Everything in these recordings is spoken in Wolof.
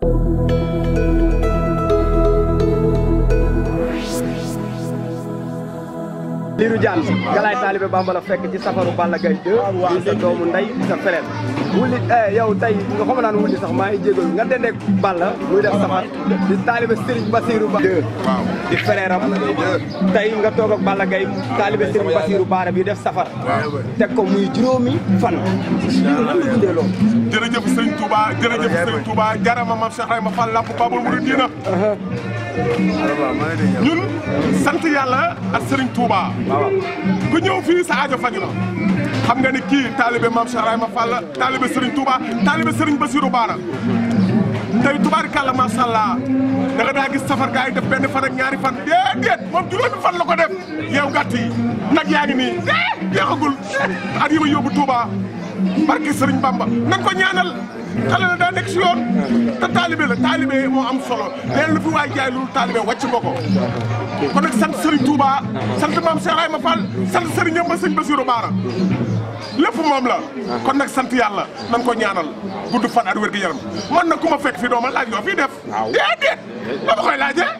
嗯。liiru jaan nga laay taalibe Bamba la fekk ci safaru Balla Gaye 2 di sa doomu ndey di sa frère wuli yow tey nga xama naan wuli sax maa ngi jégalu nga dendeek Balla muy def safar di taalibe Serigne Bassirou Ba di frère am tey nga toog ak Balla Gaye taalibe Serigne Bassirou Baara bi def safar teg ko muy juróomi fan liiru lan la dundee loolu jërëjëf Serigne Touba jërëjëf Serigne Touba jarama mam Cheikh Rayma Fall lapp Babul Mouridina ñun sant yàlla ak sëriñ Touba. ku ñëw fii sa aajo faju na xam nga ni kii taalibe Mame Cheikh Ibrahima Fall taalibe Serigne Touba taalibe Serigne Bassirou Bara tey tubaarikàlla macha allah da nga daa gis safar gaa yi def benn fan ak ñaari fan déedéet moom juróomi fan la ko def yow gàtt nag yaa ngi nii jeexagul at yi ma yóbbu Touba barke Serigne Bamba nan ko ñaanal. xale la daa nekk si yoon te taalibe la taalibe moo am solo leen lu fi waay jaay loolu taalibe wàcc nga ko kon nag sant Serigne Touba sant maam Cheikh Ibrahima Fall sant Serigne ñëpp ba sëñ Bassirou Bara lépp moom la kon nag sant yàlla nan ko ñaanal gudd fan ak wér man na ku ma fekk fii doo ma laaj yoo fii def déedéet dama koy laajee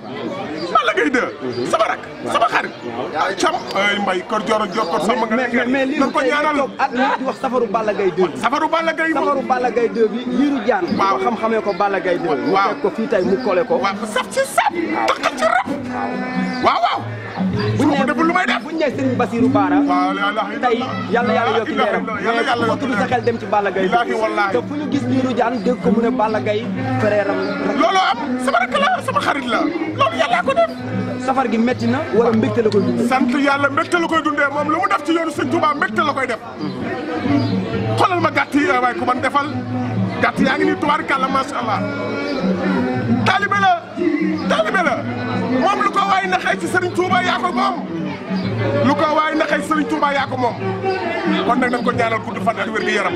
Mbaye 2. Mhm. sama rak sama xarit. waaw cam ay Mbaye kër Dior ak Dior kër Samba nga. mais mais lii ko ñaanal at di wax safaru Balla Gaye 2. safaru Balla Gaye safaru Balla Gaye 2 bi liiru jaan. waaw xam-xamee ko Balla Gaye 2. waaw mu fekk ko fii tey mu kole ko. saf ci saf. waaw ci rab. waaw waaw. buñ ne deful lu may def buñ ne Serigne Bassirou Bara tey yàlla yàlla yokki leeram mais ku ko dem ci Balla Gaye te fu ñu gis Lirou Diane dégg ko mu ne Balla Gaye frère am am sama la sama xarit la loolu yàlla ko def safar gi métti na wala mbégte la koy dundee sant yàlla mbégte la koy dundee moom lu mu def ci yoonu Serigne Touba mbégte la koy def xoolal ma gàtt yi waaye ku man defal gàtt yaa ngi ni tubaar kàlla macha allah taalibe la taalibe la moom lu ko waay naxee ci Serigne Touba yaa ko moom lu ko waay naxee ci Serigne Touba yaa moom kon nag nañ ko ñaanal gudd fan ak wér gi yaram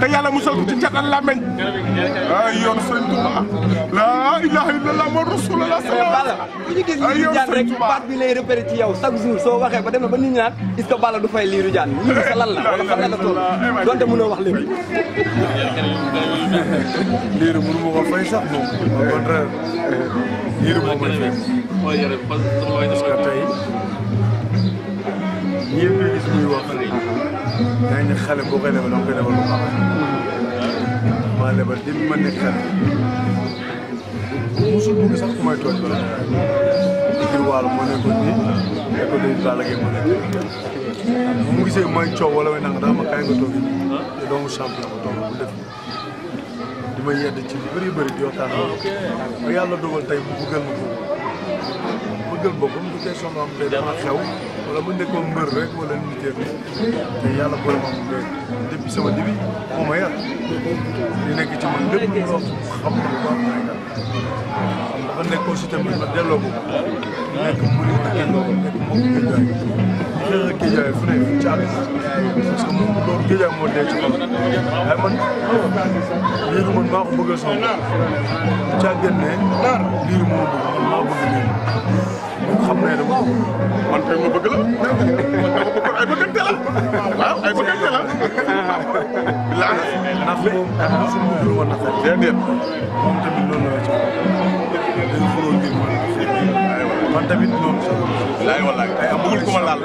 te yàlla musal ko ci catal làmmeñ ay yoon Serigne Touba la ilaha illallah wa rasulullah bu ñu gis Lirou Diane rek baat bi lay repéré ci yow chaque jour soo waxee ba dem na ba nit ñi naan est du fay Lirou Diane lii sa lan la wala a la la toll donte liiru mënu ma ko fay sax moom au contraire liiru moo koy fay parce que tey ñëpp ñu gis muy wax dañ ne xale boo koy lebal da nga koy lebal bu baax maa lebal di ma nekk xale musul bëgg sax ku may tooñ bala ngir waalo moo nekkoon nekk mu gisee may coow wala we nanga dax ma kaay nga toog bu di may yedd ci lu bëri bëri di waxtaan ba yàlla dogal tey bu bëggal ma ko bëggal boppam du tey soxna am tey dama xew wala mu nekkoon mbër rek wala nit yi te yàlla boole ma am depuis sama début moo ma yar di nekk ci man lépp lu xam na bu baax dafa nekkoon si tamit ma delloo ko nekk delloo ko nekk moom bi géej waay xëy na géej fu ne ci àll parce que moom loolu géej waay moo dee ci xol waaye man lii du man maa ko bëgg a sonn càggeen ne lii moo bëgg man maa bëgg ne dama man kay ma bëgg la ay bëggante la waaw bi suñu jur woon na sax déedéet moom tamit noonu la ci dañu furoo ngir man man tamit noonu laay wallaay ay am ah, bëggul ko ma laal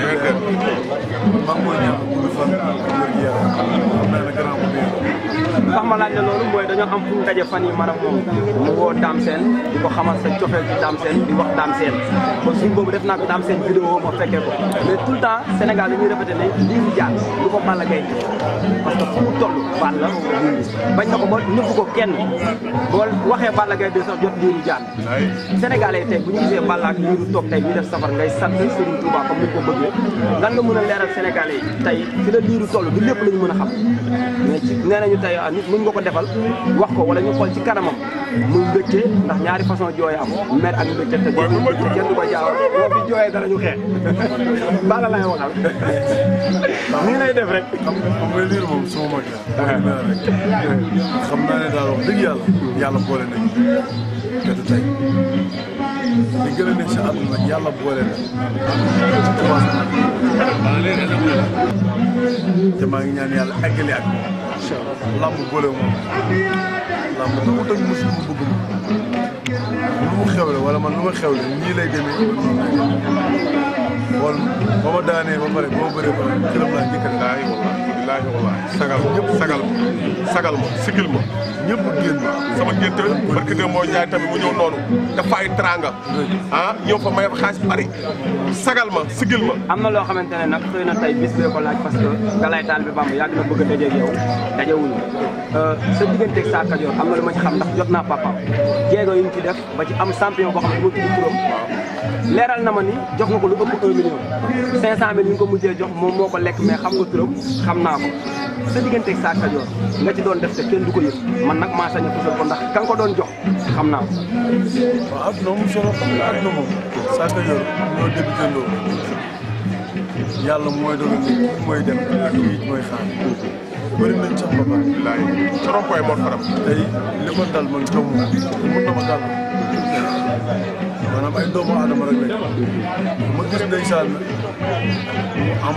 déedéet maa ngi koy ñaan bu fan ak wér gi yaram tax ma laaj la loolu mooy dañoo am fu ñu daje fan yi maram moom mu woo Dame Sène di ko xamal sa cofeel ci Dame Sène di wax Dame Sène kon suñ boobu def naa ko Dame Sène vidéo ma fekkee ko mais tout le temps Sénégal li ñuy répété ne lii ñu jaar du ko Balla Gaye parce que fu mu toll Balla bañ na ko ba nëbb ko kenn boo waxee Balla Gaye bi sax jot lii ñu jaar Sénégalais tey bu ñu gisee Balla ak lii ñu toog tey ñu def safar ngay sant Serigne Touba comme ni ko bëggee lan nga mën a Sénégalais yi tey la lii ñu toll du lépp la a xam mais nee nañu tey nit mën ko defal wax ko wala ñu xool ci kanamam muy mbégte ndax ñaari façon jooy am mer ak mbégte te kenn ko jaaw nii lay def rek xam nga liir moom suma mag la xam naa daal wax dëgg yàlla yàlla boole nañu te du tey li gën a yàlla boole na te maa ngi ñaan yàlla eggale ak lamb góole moom lamb lu mu toj mosul mu bëgg lu mu xewle wala man lu ma xewle nii lay demee wala ba ma daanee ba pare boo bëree ba pare gërëm naa njëkk a laay wala billaahi wallaahi sagal sagal sagal ma sigil ma ñëpp génn ma sama génte barki de mooy jaay tamit mu ñëw noonu dafa ay tranga ah ñëw fa may xaalis bari sagal ma sigil ma am na loo xamante ne nag na tey bis bee ko laaj parce que Galaye Talibé Bamba yàgg na bëgg a dajeeg yow dajewuñu euh, sa digganteeg Sa Cadior am na lu ma ci xam ndax jot naa papa jéego yi def ba am champion boo xam ne du leeral na ma ni jox nga ko lu ëpp 1 million 500 mille ñu ko mujjee jox moom moo ko lekk mais xam nga turam xam naa ko sa digganteeg Sa Kajoor nga ci doon def te kenn du ko man nag maa sañ a tusal ko ndax kan ko doon jox xam naa ko. waaw adduna moom solo xam nga adduna moom Sa ñoo débuté loolu yàlla mooy doon nit mooy dem ak nit mooy xaar. bëri nañ sax ba pare. laay corom koy bon faram. tey li ko man coow moom li mu dama dal. maanaam ay doomu aadama rek lañ ma gis ndeysaan mu am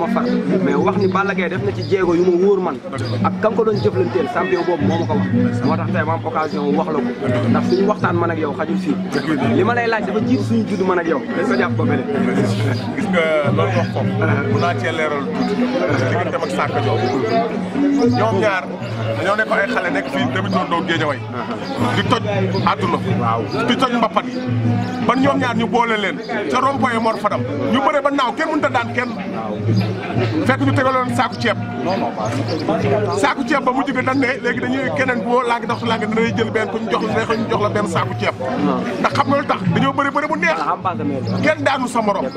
moma far mais wax ni Balla Gaye def na ci djego yuma ma man ak kam ko don djeflentel champion boobu moo ma wax motax tay ma am occasion wax la ko ndax suñu waxtan man ak yow xajul fi lima lay laaj dafa jiit suñu judd man ak yow dañ ko jàpp ba bële gis nga loolu wax ko mun ci leral tout tuuti tam ak sàkk jox ñom ñaar dañu nekk ay xalé nek fi tamit doon do gëdja way di toj àdduna di toj mbappat ban ñom ñaar ñu boole leen ci rompoy mor fadam ñu bëre ba naw kenn mënta daan kenn fekk ñu tegaloon saaku ceeb saaku ceeb ba mujj gi dañ ne léegi dañuy keneen boo laagi dax su laagi danay jël benn ku ñu jox la ñu jox la benn saaku ceeb ndax xam nga lu tax dañoo bëri bëri bu neex kenn daanu sa morom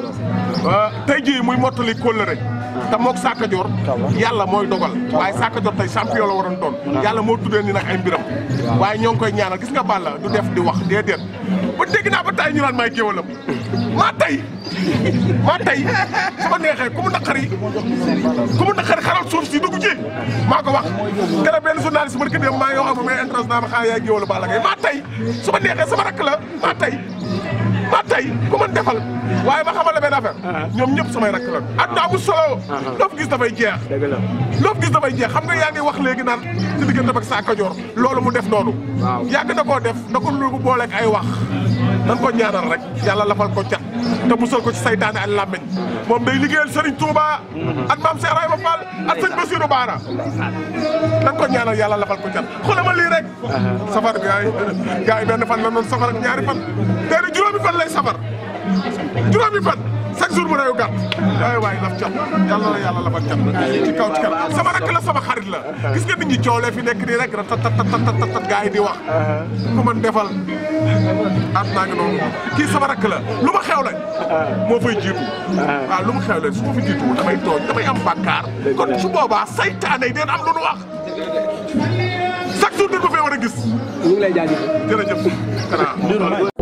te jii muy mottali kóllëre te mook Sakka Dior yàlla mooy dogal waaye Sakka Dior tey champion waroon doon yàlla moo tuddee ni nag ay mbiram waaye ñoo ngi koy ñaanal gis nga Balla du def di wax déedéet ba dégg naa ba tay ñu naan maay géwalam maa tay maa tay su ma neexee ku mu naqari ku mu naqari xaral suuf si dugg ci maa ko wax kene benn journaliste man kë maa ngi wax ak ma may intéresse naa ma xaa yaay géwala Balla Gaye maa tay su neexee sama rakk la maa tay ba tey ku man defal waaye ma xamal la benn affaire ah. ñoom ñëpp samay rakk la adduna amul solo ah, ah. loofu gis dafay jeex loofu gis dafay jeex xam nga yaa ngi wax léegi naan si diggante ak saa Kajoor loolu mu def noonu yàgg na koo def na ko lu booleeg ay wax nan ko ñaanal rek yàlla lafal ko cat te musal ko ci saytaane ak làmmeñ moom day liggéeyal Serigne Touba mm-hmm. ak maam Cheikh Ibrahima Fall ak sëñ Bassirou Bara nan ko ñaanal yàlla lafal ko cat xoolal ma rek safar gaay gaay benn fan la noonu safar ak ñaari fan fan lay safar juróomi fan chaque jour mu reyu gàtt waaye waaye laf cat yàlla la yàlla la ban cat ci kaw sama xarit la gis nga nit ñi coow fi nekk nii rek ratatatatatatatat gars yi di wax ku man defal at naa kii sama rakk lu ma xew la moo fay jiitu waaw lu ma xew su ma fi jiitu damay tooñ damay am bàkkaar kon su boobaa saytaane yi deen am lu nu wax chaque jour dañ ko fee war a gis ñu ngi lay